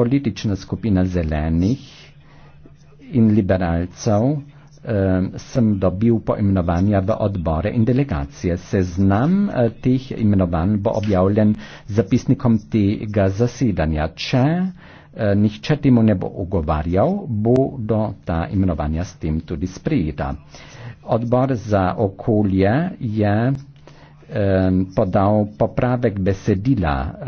politična skupina zelenih in liberalcev sem dobil poimenovanja v odbore in delegacije. Seznam eh, teh imenovanj bo objavljen zapisnikom tega zasedanja. Če eh, nihče temu ne bo ogovarjal, bodo ta imenovanja s tem tudi sprejeta. Odbor za okolje je podal popravek besedila